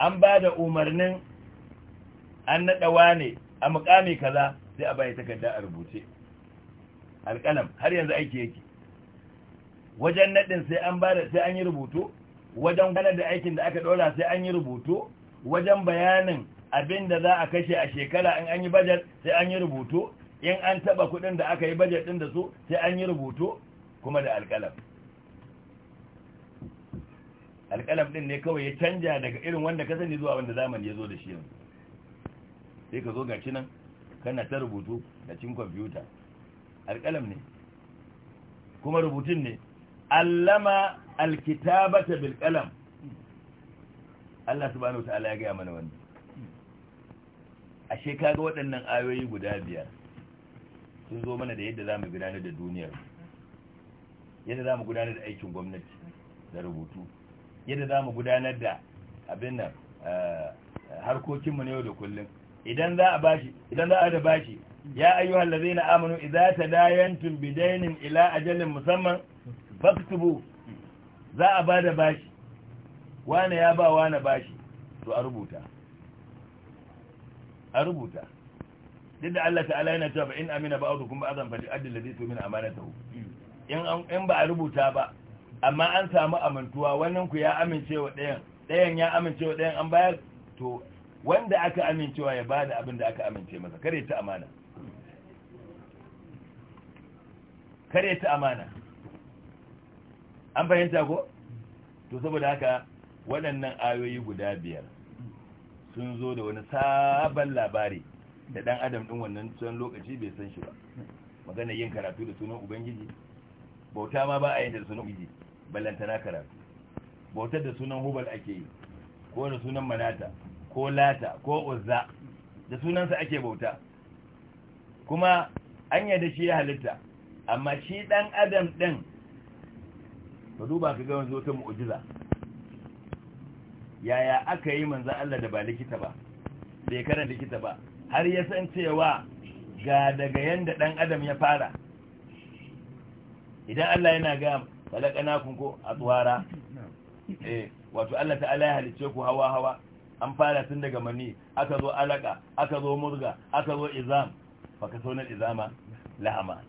an ba da umarnin an naɗa wane a mukami kaza sai a baya takarda a rubuce alƙalam har yanzu aiki yake wajen naɗin sai an bada sai an yi rubutu wajen gana da aikin da aka ɗora sai an yi rubutu wajen bayanin abin da za a kashe a shekara in an yi bajet sai an yi rubutu in an taɓa kuɗin da aka yi bajet ɗin da su sai an yi rubutu kuma da alƙalam alƙalam ɗin ne kawai ya canja daga irin wanda ka sani zuwa wanda zamani ya zo da shi yanzu sai ka zo ga nan kana ta rubutu da cin kwamfuta alƙalam ne kuma rubutun ne allama alkitabata bilƙalam Allah ya gaya mana wani. a shekaru waɗannan ayoyi guda biyar sun zo mana da yadda za mu gudanar da duniyar yadda za mu gudanar da aikin gwamnati da rubutu yadda za mu gudanar da abin nan eh, harkokinmu na yau da kullum idan za a bashi idan za a da bashi ya ayyuhal ladzina amanu idza tadayantum bidaynin ila ajalin musamman faktubu za a bada bashi wane ya ba wane bashi to a rubuta a rubuta duk da Allah ta'ala yana cewa in amina ba'dukum ba'dan fa addi alladhi min amanatahu in in ba a rubuta ba amma an samu amintuwa wannan ku ya amince wa ɗayan ɗayan ya amince wa ɗayan an bayar to wanda aka amincewa ya bada abin da aka amince masa kare ta amana kare ta amana an fahimta ko to saboda haka waɗannan ayoyi guda biyar sun zo da wani sabon labari da ɗan adam ɗin wannan can lokaci bai san shi ba magana yin karatu da sunan ubangiji bauta ma ba a yin da sunan ubangiji ballantana karatu bautar da sunan hubal ake yi ko da sunan manata ko lata ko uzza da sunansa ake bauta kuma an yadda shi ya halitta amma shi ɗan adam ɗin ka duba ka ga wanzu wata mu'ujiza yaya aka yi manzan Allah da ba likita ba da ya likita ba har ya san cewa ga daga yadda ɗan adam ya fara idan Allah yana ga falakana kun ko a tsuwara eh, wato Allah ta'ala ya halicce ku hawa hawa an fara tun daga mani aka zo alaka aka zo murga aka zo izam so na izama lahama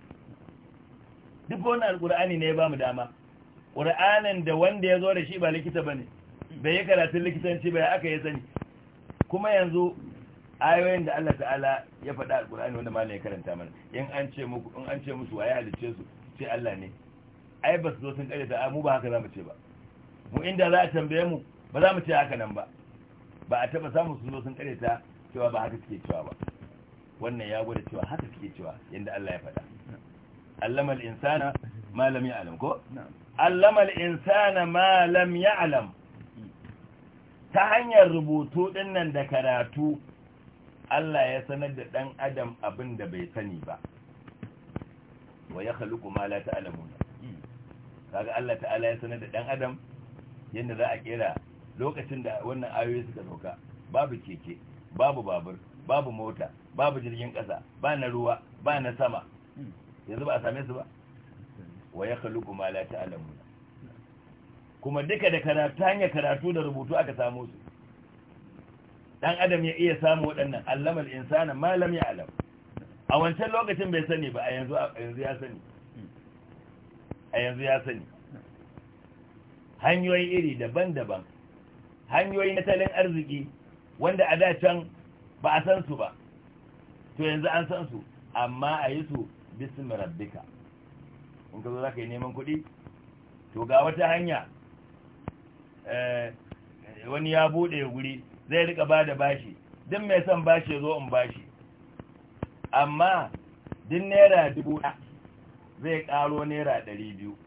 duk wani alkur'ani ne ya ba mu dama ƙur'anin da wanda ya zo da shi ba likita ba ne bai yi karatun likitanci ba aka yi sani kuma yanzu ayoyin da Allah ta'ala ya faɗa alkur'ani wanda malam ya karanta mana in an ce muku in an ce musu waye halicce su ce Allah ne ai ba su zo sun kare da mu ba haka za mu ce ba mu inda za a tambaye mu ba za mu ce haka nan ba ba a taba samun sun zo sun ta cewa ba haka suke cewa ba wannan ya gwada cewa haka suke cewa yadda Allah ya faɗa allama al-insana ma lam ya'lam ko allama al-insana ma lam ya'lam ta hanyar rubutu nan da karatu Allah ya sanar da dan adam abin da bai sani ba wa ya khaluqu ma la ta'lamun kaga Allah ta'ala ya sanar da dan adam yadda za a kera lokacin da wannan ayoyi suka sauka babu keke babu babur babu mota babu jirgin ƙasa ba na ruwa ba na sama yanzu ba a same su ba wa ya kalu kuma la ta'lamuna kuma duka da karatu hanyar karatu da rubutu aka samu su dan adam ya iya samu waɗannan allama al-insana ma lam ya'lam a wancan lokacin bai sani ba a yanzu yanzu ya sani a yanzu ya sani hanyoyi iri daban-daban hanyoyi na talin arziki wanda a da can ba a san su ba to yanzu an san su amma a yi su bismi rabbika in ka zo za ka yi neman kuɗi to ga wata hanya eh, wani ya buɗe wuri, zai rika ba da bashi duk mai son bashi ya zo in bashi amma duk naira dubu zai ƙaro naira ɗari biyu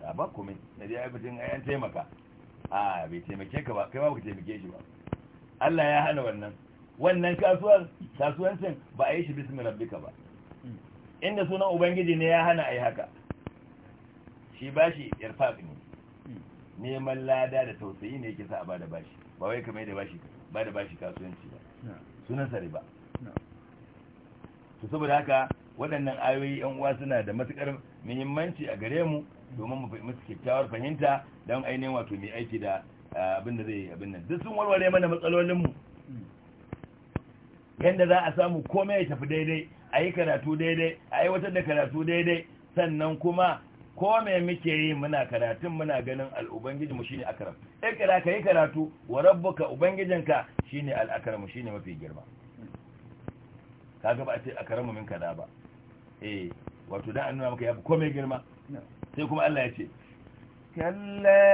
ta ba kuma na biya abincin ayan taimaka A'a bai taimake ka ba kai ba ka taimake shi ba Allah ya hana wannan wannan kasuwar kasuwancin ba a yi shi bismi rabbika ba inda sunan ubangiji ne ya hana a yi haka shi bashi yarfaf ne neman lada da tausayi ne yake sa a bada bashi ba wai kamar da bashi ba da bashi kasuwanci ba sunan sare riba to saboda haka waɗannan ayoyi yan uwa suna da matukar muhimmanci a gare mu domin mu musu kyakkyawar fahimta don ainihin wato mai aiki da ah, abin da zai abin nan duk sun warware mana matsalolinmu yadda za a samu komai ya tafi daidai a yi karatu daidai a aiwatar da karatu daidai sannan kuma komai muke yi muna karatun muna ganin al'ubangiji mu shine akram ikra ka yi karatu wa rabbuka ubangijinka shine al'akramu shine mafi girma kaga ba a ce akaramu min kaza ba eh wato dan annuna maka fi komai girma sai kuma Allah ya ce kalla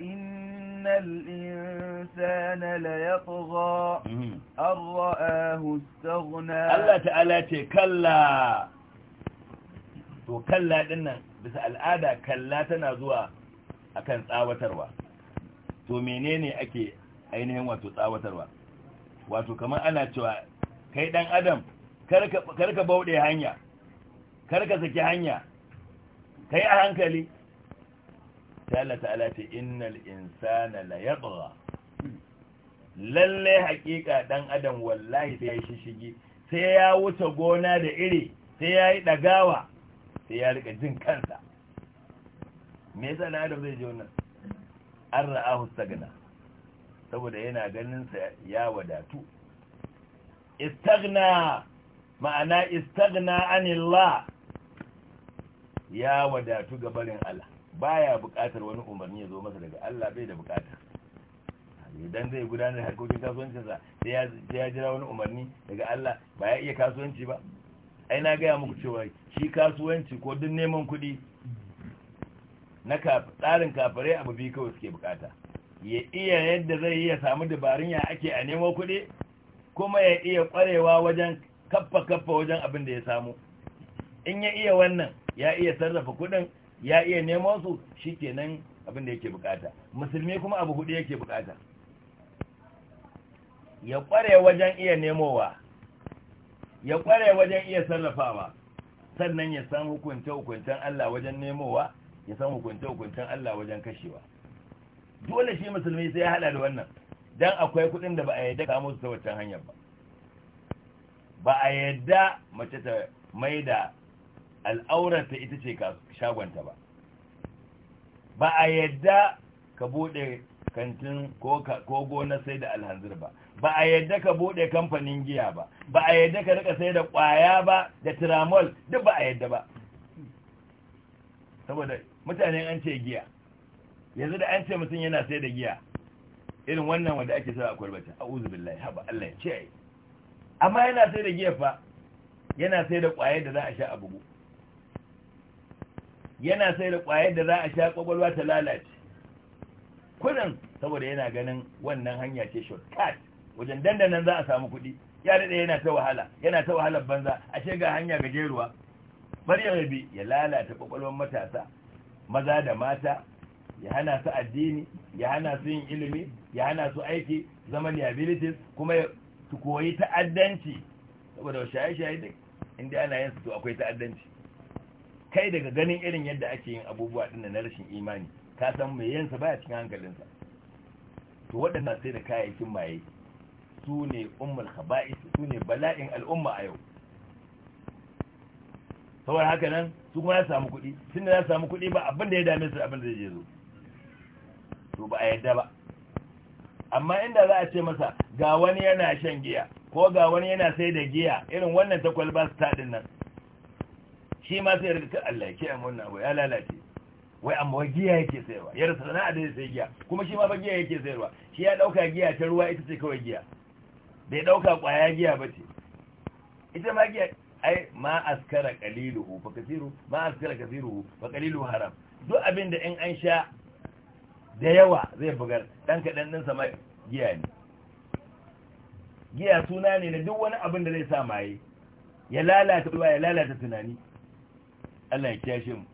innal insana la yatgha mhm. ar-ra'ahu istaghna Allah ta'ala ce kalla to kalla dinnan bisa al'ada kalla tana zuwa akan tsawatarwa to menene ake ainihin wato tsawatarwa wato kamar ana cewa kai dan adam karka bauɗe hanya karka saki hanya kai a hankali ta Allah ta'ala ce innal insana la yabgha lalle hakika dan adam wallahi sai ya shishigi sai ya wuce gona da iri sai ya yi dagawa sai ya rika jin kansa me yasa dan adam zai ji wannan an ra'ahu stagna saboda yana ganin sa ya wadatu istagna ma'ana istagna anillah ya wadatu ga barin Allah baya buƙatar wani umarni ya zo masa daga Allah bai da buƙata idan zai gudanar harkokin sa sai ya jira wani umarni daga Allah ba ya iya kasuwanci ba ai na gaya muku cewa shi kasuwanci ko duk neman kuɗi na tsarin kafare abu biyu kawai suke bukata ya iya yadda zai iya samu dabarun ya ake a nemo kuɗi kuma ya iya ƙwarewa wajen kaffa kaffa wajen abin da ya samu in ya iya wannan ya iya sarrafa kuɗin ya iya nemo su shi kenan abin da yake bukata musulmi kuma abu hudu yake bukata ya kware wajen iya nemowa ya kware wajen iya sarrafawa sannan ya san hukunce-hukuncen Allah wajen nemowa ya san hukunce-hukuncen Allah wajen kashewa dole shi musulmi sai ya hada da wannan dan akwai kudin da ba a yadda kamo su ta wancan hanyar ba ba a yadda mace ta maida al'aurarta ita ce shagonta ba ba a yadda ka bude kantin ko gona sai da alhanzir ba ba a yadda ka bude kamfanin giya ba ba a yadda ka rika sai da kwaya ba da tiramol duk ba a yadda ba saboda mutane an ce giya yanzu da an ce mutum yana sai da giya irin wannan wanda ake sa a kwalbata a uzubillahi haɓa Allah ya ce amma yana sai da giya fa yana sai da kwaye da za a sha a bugu yana sai da ƙwayar da za a sha ƙwaƙwalwa ta lalace kudin saboda yana ganin wannan hanya ce shortcut wajen dandanan za a samu kuɗi ya daɗe yana ta wahala yana ta wahalar banza a ce ga hanya gajeruwa Maryam ya rabi ya lalata ƙwaƙwalwar matasa maza da mata ya hana su addini ya hana su yin ilimi ya hana su aiki zama liabilities kuma su koyi ta'addanci saboda shaye-shaye duk inda ana yin su to akwai ta'addanci kai daga ganin irin yadda ake yin abubuwa ɗin na rashin imani ka san mai yansa baya cikin hankalinsa to waɗanda sai da kayayyakin maye su ne ummul khaba'is su ne bala'in al'umma a yau saboda haka nan su kuma ya samu kuɗi tunda ya samu kuɗi ba abin da ya dame su abin da zai zo to ba a yadda ba amma inda za a ce masa ga wani yana shan giya ko ga wani yana sai da giya irin wannan ta kwalba su taɗin nan shi ma sai rika Allah ya kiyaye wannan abu ya lalace wai amma giya yake sayarwa ya rasa sana'a da sai giya kuma shi ma fa giya yake sayarwa shi ya dauka giya ta ruwa ita ce kawai giya bai dauka kwaya giya ba ce ita ma giya ai ma askara qaliluhu fa kathiru ma askara kathiruhu fa qaliluhu haram duk abin da in an sha da yawa zai bugar dan kadan din sa ma giya ne giya suna ne na duk wani abin da zai sa maye ya lalata ruwa ya lalata tunani Allah ya kiyashe mu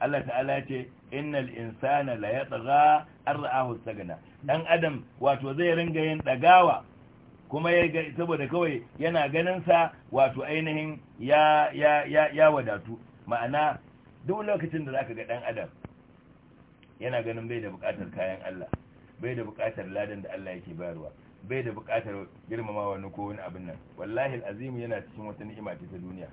Allah ta'ala ce innal insana la yatgha ar'ahu sagna dan adam wato zai ringa yin dagawa kuma ya saboda kawai yana ganin sa wato ainihin ya ya ya, ya wadatu ma'ana duk lokacin da zaka ga dan adam yana ganin bai da bukatar kayan Allah bai da bukatar ladan da Allah yake bayarwa bai da bukatar girmamawa na ko wani abin nan wallahi alazim yana cikin wata ni'ima ta duniya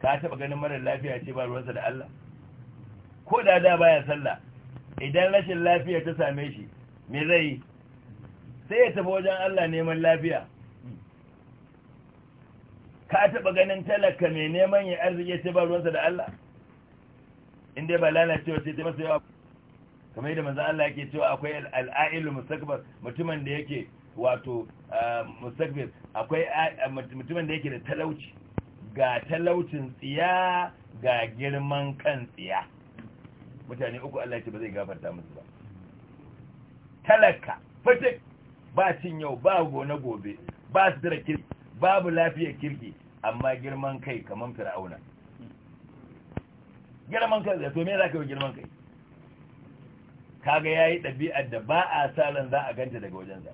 ka taɓa ganin marar lafiya ce ba ruwansa da Allah ko da da baya sallah idan rashin lafiya ta same shi me zai sai ya tafi wajen Allah neman lafiya ka taɓa ganin talaka mai neman ya arziki ce ba ruwansa da Allah inda ba lalacewa ce ta masa yawa kamar yadda manzan Allah yake cewa akwai al'a'ilu mustakbar mutumin da yake wato ah, mustakbar akwai mutumin da yake da talauci ga talaucin tsiya ga girman kan tsiya mutane uku Allah ce ba zai gafarta musu ba talaka fitik ba cin yau ba gona gobe ba su tara kirki babu lafiyar kirki amma girman kai kamar fir'auna girman kai da to me za ka yi girman kai kaga ya yi ɗabi'ar da ba a salon za a ganta daga wajensa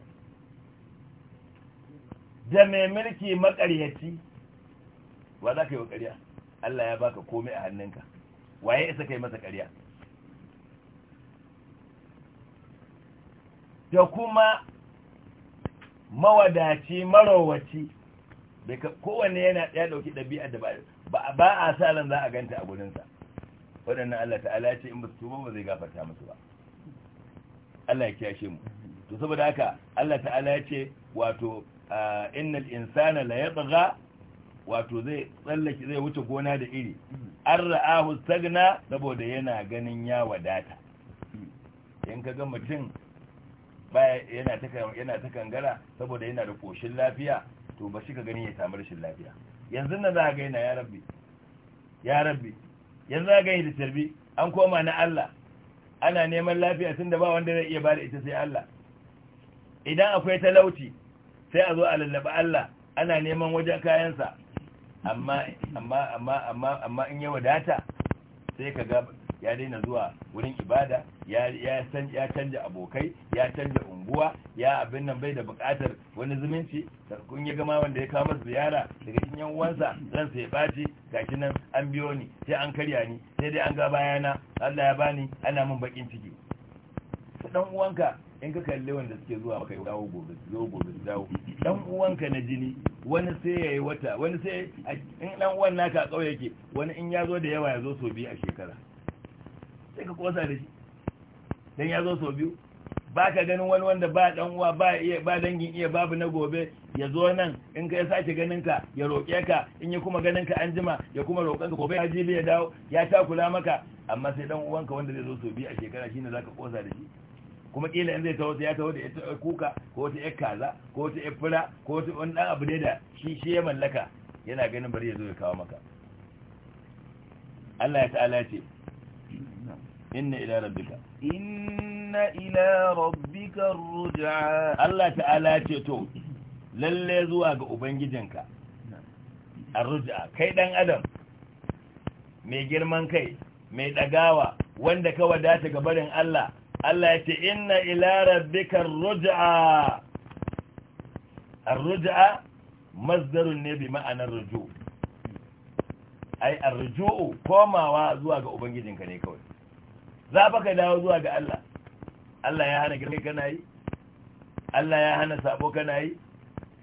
da mai mulki makaryaci wa za ka yi wa ƙarya Allah ya baka komai a hannunka waye isa ka yi masa ƙarya da kuma mawadaci marowaci kowanne yana ya ɗauki ɗabi'a da ba a sa ran za a ganta a gudunsa waɗannan Allah ta'ala ce in ba su tuba ba zai gafarta musu ba Allah ya kiyashe mu to saboda haka Allah ta'ala ya ce wato ah, innal insana la yatgha wato zai tsallake zai wuce gona da iri an ra'ahu sagna saboda yana ganin ya wadata in ka ga mutum baya yana ta yana ta kangara saboda yana da koshin lafiya to ba shi ka gani ya samu rashin lafiya yanzu nan za ga yana ya rabbi ya rabbi yanzu za ga da tarbi an koma na Allah ana neman lafiya tunda ba wanda zai iya bada ita sai Allah idan akwai talauci sai a zo a lallaba Allah ana neman wajen kayansa amma in ya wadata sai ka ga ya daina zuwa wurin ibada ya canza canja abokai ya canja unguwa ya abin nan bai da bukatar wani zumunci kun ya gama wanda ya kama ziyara daga cikin yan uwansa ran sai baci shi nan an biyo ni sai an karya ni sai dai an ga bayana Allah ya bani ana min bakin ciki dan uwanka in ka kalli wanda suke zuwa maka dawo gobe zo gobe dawo dan uwanka na jini wani sai yayi wata wani sai in dan uwan naka a kauye yake wani in ya zo da yawa ya zo so biyu a shekara sai ka kosa da shi dan ya zo so biyu ba ka ganin wani wanda ba dan uwa ba iya ba dangin iya babu na gobe ya zo nan in ka ya sake ganin ka ya roƙe ka in ya kuma ganin ka an jima ya kuma roƙan ka gobe ya jibi ya dawo ya ta kula maka amma sai dan uwanka wanda zai zo so biyu a shekara shine zaka kosa da shi kuma kila in zai taho sai ya taho da ita kuka ko ta yar kaza ko ta yar fura ko ta wani dan abu ne da shi shi ya mallaka yana ganin bari ya zo ya kawo maka Allah ya ta'ala ce inna ila rabbika inna ila rabbika ruj'a Allah ta'ala ce to lalle zuwa ga ubangijinka arruja kai dan adam mai girman kai mai dagawa wanda ka wadata ga barin Allah Allah ya ce inna ila rabbika ruj'a ar-ruj'a masdarun ne bi ma'anar ruju ai ar-ruju'u komawa zuwa ga ubangijinka ne kawai za ba ka dawo zuwa ga Allah Allah ya hana girkai kana yi Allah ya hana sabo kana yi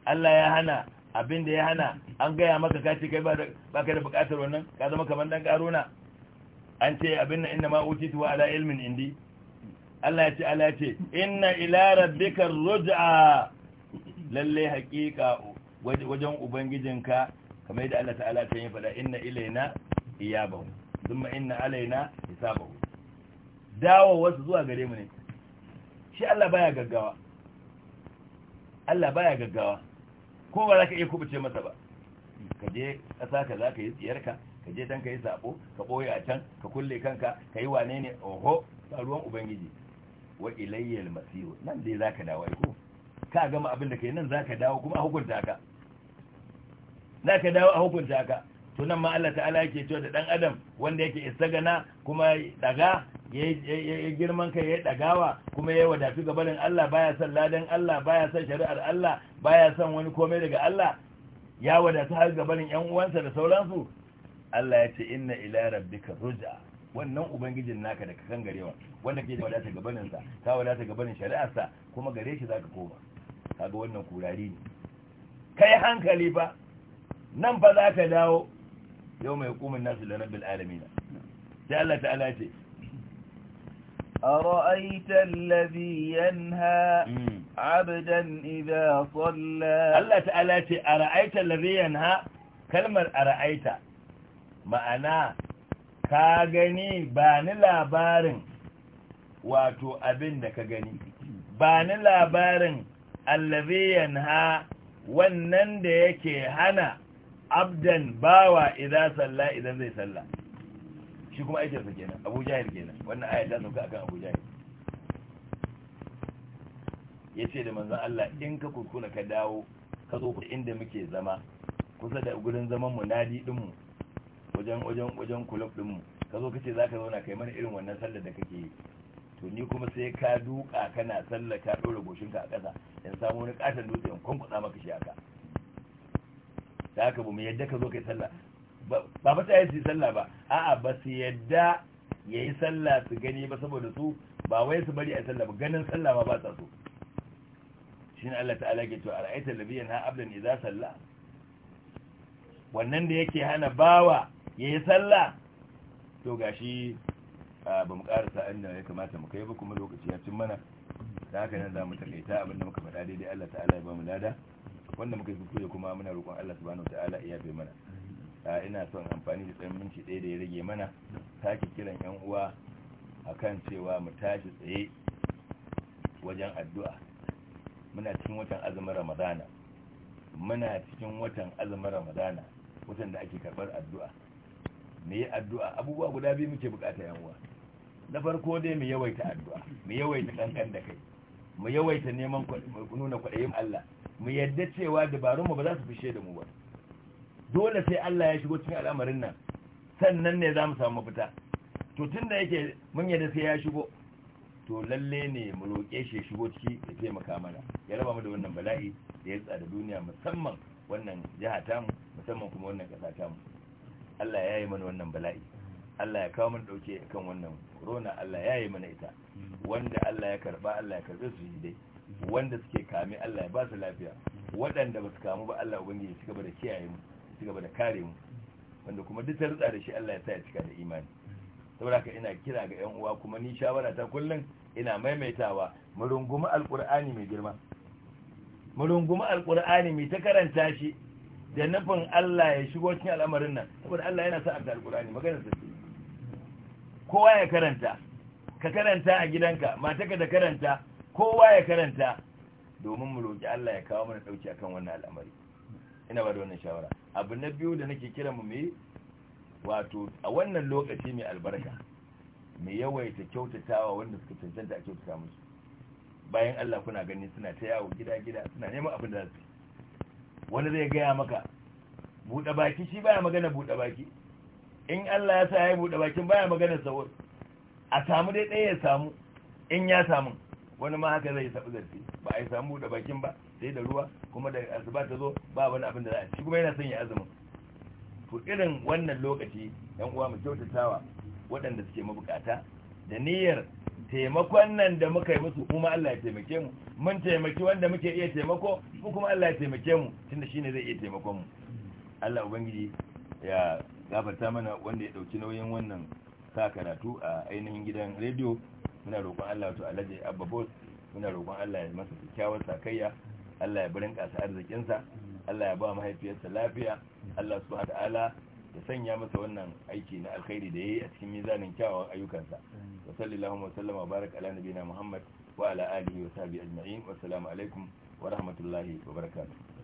Allah ya hana abin da ya hana an gaya maka kace kai ba ka da bukatar wannan ka zama kamar dan karuna an ce abin nan inna ma utitu ala ilmin indi Allah ya ce Allah ya ce inna ila rabbika ruj'a lalle haqiqa wajen ubangijinka kamar yadda Allah ta'ala ta yi fada inna ilaina iyabahu thumma inna alaina hisabahu dawo wasu zuwa gare mu ne shi Allah baya gaggawa Allah baya gaggawa ko ba za ka iya kubuce masa ba ka je ƙasa ka za ka yi tsiyarka ka je dan ka yi sabo ka ɓoye a can ka kulle kanka ka yi wane ne oho ba ruwan ubangiji wa ilayyal masiru nan dai zaka dawo ai ko ka gama abin da kai nan zaka dawo kuma a hukunta ka zaka dawo a hukunta ka to nan ma Allah ta'ala yake cewa da dan adam wanda yake isagana kuma daga ya girman kai ya dagawa kuma ya wadatu gabanin Allah baya son ladan Allah baya son shari'ar Allah baya son wani komai daga Allah ya wadatu har gabanin yan uwansa da sauransu Allah ya ce inna ila rabbika ruj'a wannan ubangijin naka da ka kan garewa wanda ke da wadata gabanin sa wadata gabanin shari'ar sa kuma gare shi zaka koma kaga wannan kurari ne kai hankali ba. nan ba za ka dawo yau mai hukumin nasu da rabbil alamin sai Allah ta'ala ce yanha hmm. abdan idza salla Allah ta ala ce أرأيت allazi yanha kalmar ara'aita ma'ana. ka gani ba ni labarin wato abin da ka gani ba ni labarin allaziyan ha wannan da yake hana abdan bawa idan salla idan zai salla shi kuma su kenan abu jahil kenan wannan ayat ta sauka akan abu jahil ya ce da manzan Allah in ka kurkuna ka dawo ka zo inda muke zama kusa da gurin zaman mu nadi dinmu wajen wajen wajen club mu ka zo kace zaka zauna kai mana irin wannan sallar da kake yi to ni kuma sai ka duka kana sallar ka dora goshinka a ƙasa in samu wani katon dutse in kwankwasa maka shi haka da haka ba mu yadda ka zo kai sallah ba ba ta yi su sallah ba a'a ba su yadda ya yi sallah su gani ba saboda su ba wai su bari a sallah ba ganin sallah ma ba sa so shi ne Allah ta'ala ke cewa ra'aitar labiyan ha abdan idza sallar wannan da yake hana bawa ya sallah to gashi ba mu karasa inda ya kamata mu kai ba kuma lokaci ya cin mana da haka nan za mu takaita abinda muka faɗa daidai Allah ta'ala ya ba mu lada wanda muka fito kuma muna roƙon Allah subhanahu ta'ala ya bai mana ina son amfani da tsayin minti ɗaya da ya rage mana sake kiran yan uwa akan cewa mu tashi tsaye wajen addu'a muna cikin watan azumin ramadana muna cikin watan azumin ramadana watan da ake karɓar addu'a mu yi addu'a abubuwa guda biyu muke bukata yan uwa na farko dai mu yawaita addu'a mu yawaita kankan da kai mu yawaita neman nuna kwaɗayin Allah mu yadda cewa dabarunmu ba za su fishe da mu ba dole sai Allah ya shigo cikin al'amarin nan sannan ne za mu samu mafita to tun da yake mun yadda sai ya shigo to lalle ne mu roƙe shi ya shigo ciki ya taimaka mana ya raba mu da wannan bala'i da ya tsada duniya musamman wannan jiha tamu musamman kuma wannan ƙasa tamu Allah ya yi mana wannan bala'i Allah ya kawo mana dauke kan wannan corona Allah ya yi mana ita wanda Allah ya karba Allah ya karbe su dai wanda suke kame Allah ya ba su lafiya waɗanda ba su kamu ba Allah ubangiji ya cigaba da kiyaye mu cigaba da kare mu wanda kuma duk tarza da shi Allah ya sa ya cika da imani saboda ka ina kira ga yan uwa kuma ni shawara ta kullun ina maimaitawa mu rungumi alqur'ani mai girma mu rungumi alqur'ani mai ta karanta shi da nufin Allah ya shigo cikin al'amarin nan saboda Allah yana sa a alqur'ani magana sai kowa ya karanta ka karanta a gidanka mata ka da karanta kowa ya karanta domin mu roki Allah ya kawo mana dauki akan wannan al'amari ina ba da wannan shawara abu na biyu da nake kira mu mai wato a wannan lokaci mai albarka mai yawaita kyautatawa wanda suka cancanta a kyautata musu bayan Allah kuna gani suna ta yawo gida-gida suna neman abin da su wani zai gaya maka buɗe baki shi baya magana buɗe baki in Allah ya sa ya buɗe bakin baya magana sahur a samu dai ɗaya ya samu in ya samu wani ma haka zai sabu zarfi ba a yi samu buɗe bakin ba sai da ruwa kuma da asuba ta zo ba wani abin da za a ci kuma yana son ya azumin ku irin wannan lokaci yan uwa mu kyautatawa waɗanda suke mabukata da niyyar taimakon nan da muka yi musu kuma Allah ya taimake mu mun taimaki wanda muke iya taimako mu kuma Allah ya taimake mu tunda shine zai iya taimakon mu Allah ubangiji ya gafarta mana wanda ya dauki nauyin wannan sa karatu a ainihin gidan rediyo muna roƙon Allah to Alhaji Abba Boss muna roƙon Allah ya masa kyakkyawar sakayya Allah ya barin kasa arzikin sa Allah ya ba mahaifiyarsa lafiya Allah subhanahu wa ta'ala ya sanya masa wannan aiki na alkhairi da yayi a cikin mizanin kyawawan ayyukansa wa sallallahu wa sallama baraka ala nabiyina Muhammad wa ala alihi wa sahbihi ajma'in wa assalamu alaikum wa rahmatullahi wa barakatuh